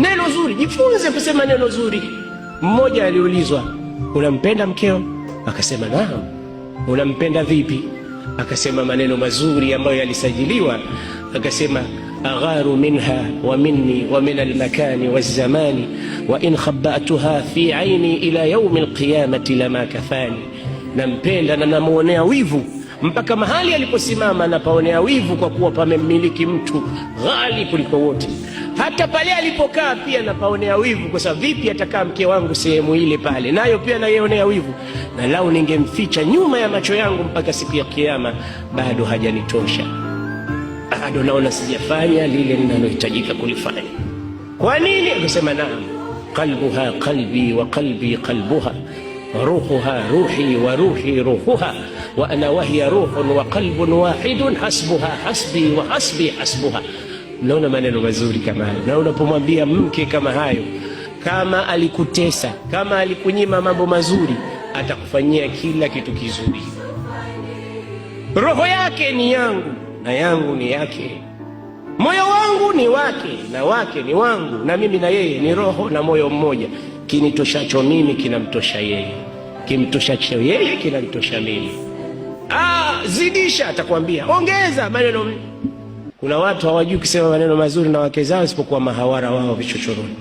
Neno zuri, jifunze kusema neno zuri. Mmoja aliulizwa, unampenda mkeo? Akasema naam. Unampenda vipi? Akasema maneno mazuri ambayo yalisajiliwa. Akasema agharu minha wa minni wa min almakani wazamani wa in khabatuha fi aini ila yaumi alqiyamati lama kafani, nampenda na namwonea wivu mpaka mahali aliposimama napaonea wivu, kwa kuwa pamemmiliki mtu ghali kuliko wote hata pale alipokaa pia napaonea wivu, kwa sababu vipi atakaa mke wangu sehemu ile pale, nayo pia naionea wivu, na lau ningemficha nyuma ya macho yangu mpaka siku ya Kiyama, bado hajanitosha, bado naona sijafanya lile ninalohitajika kulifanya. Kwa nini? Akasema naam, qalbuha qalbi wa qalbi qalbuha ruhuha ruhi wa ruhi ruhuha wa ana wahiya ruhun wa qalbun wahidun hasbuha hasbi wa hasbi hasbuha naona maneno mazuri kama hayo. Na unapomwambia mke kama hayo, kama alikutesa, kama alikunyima mambo mazuri, atakufanyia kila kitu kizuri. Roho yake ni yangu na yangu ni yake, moyo wangu ni wake na wake ni wangu, na mimi na yeye ni roho na moyo mmoja. Kinitoshacho mimi kinamtosha yeye, kimtoshacho yeye kinamtosha mimi. Ah, zidisha, atakwambia ongeza maneno kuna watu hawajui kusema maneno mazuri na wake zao isipokuwa mahawara wao vichochoroni.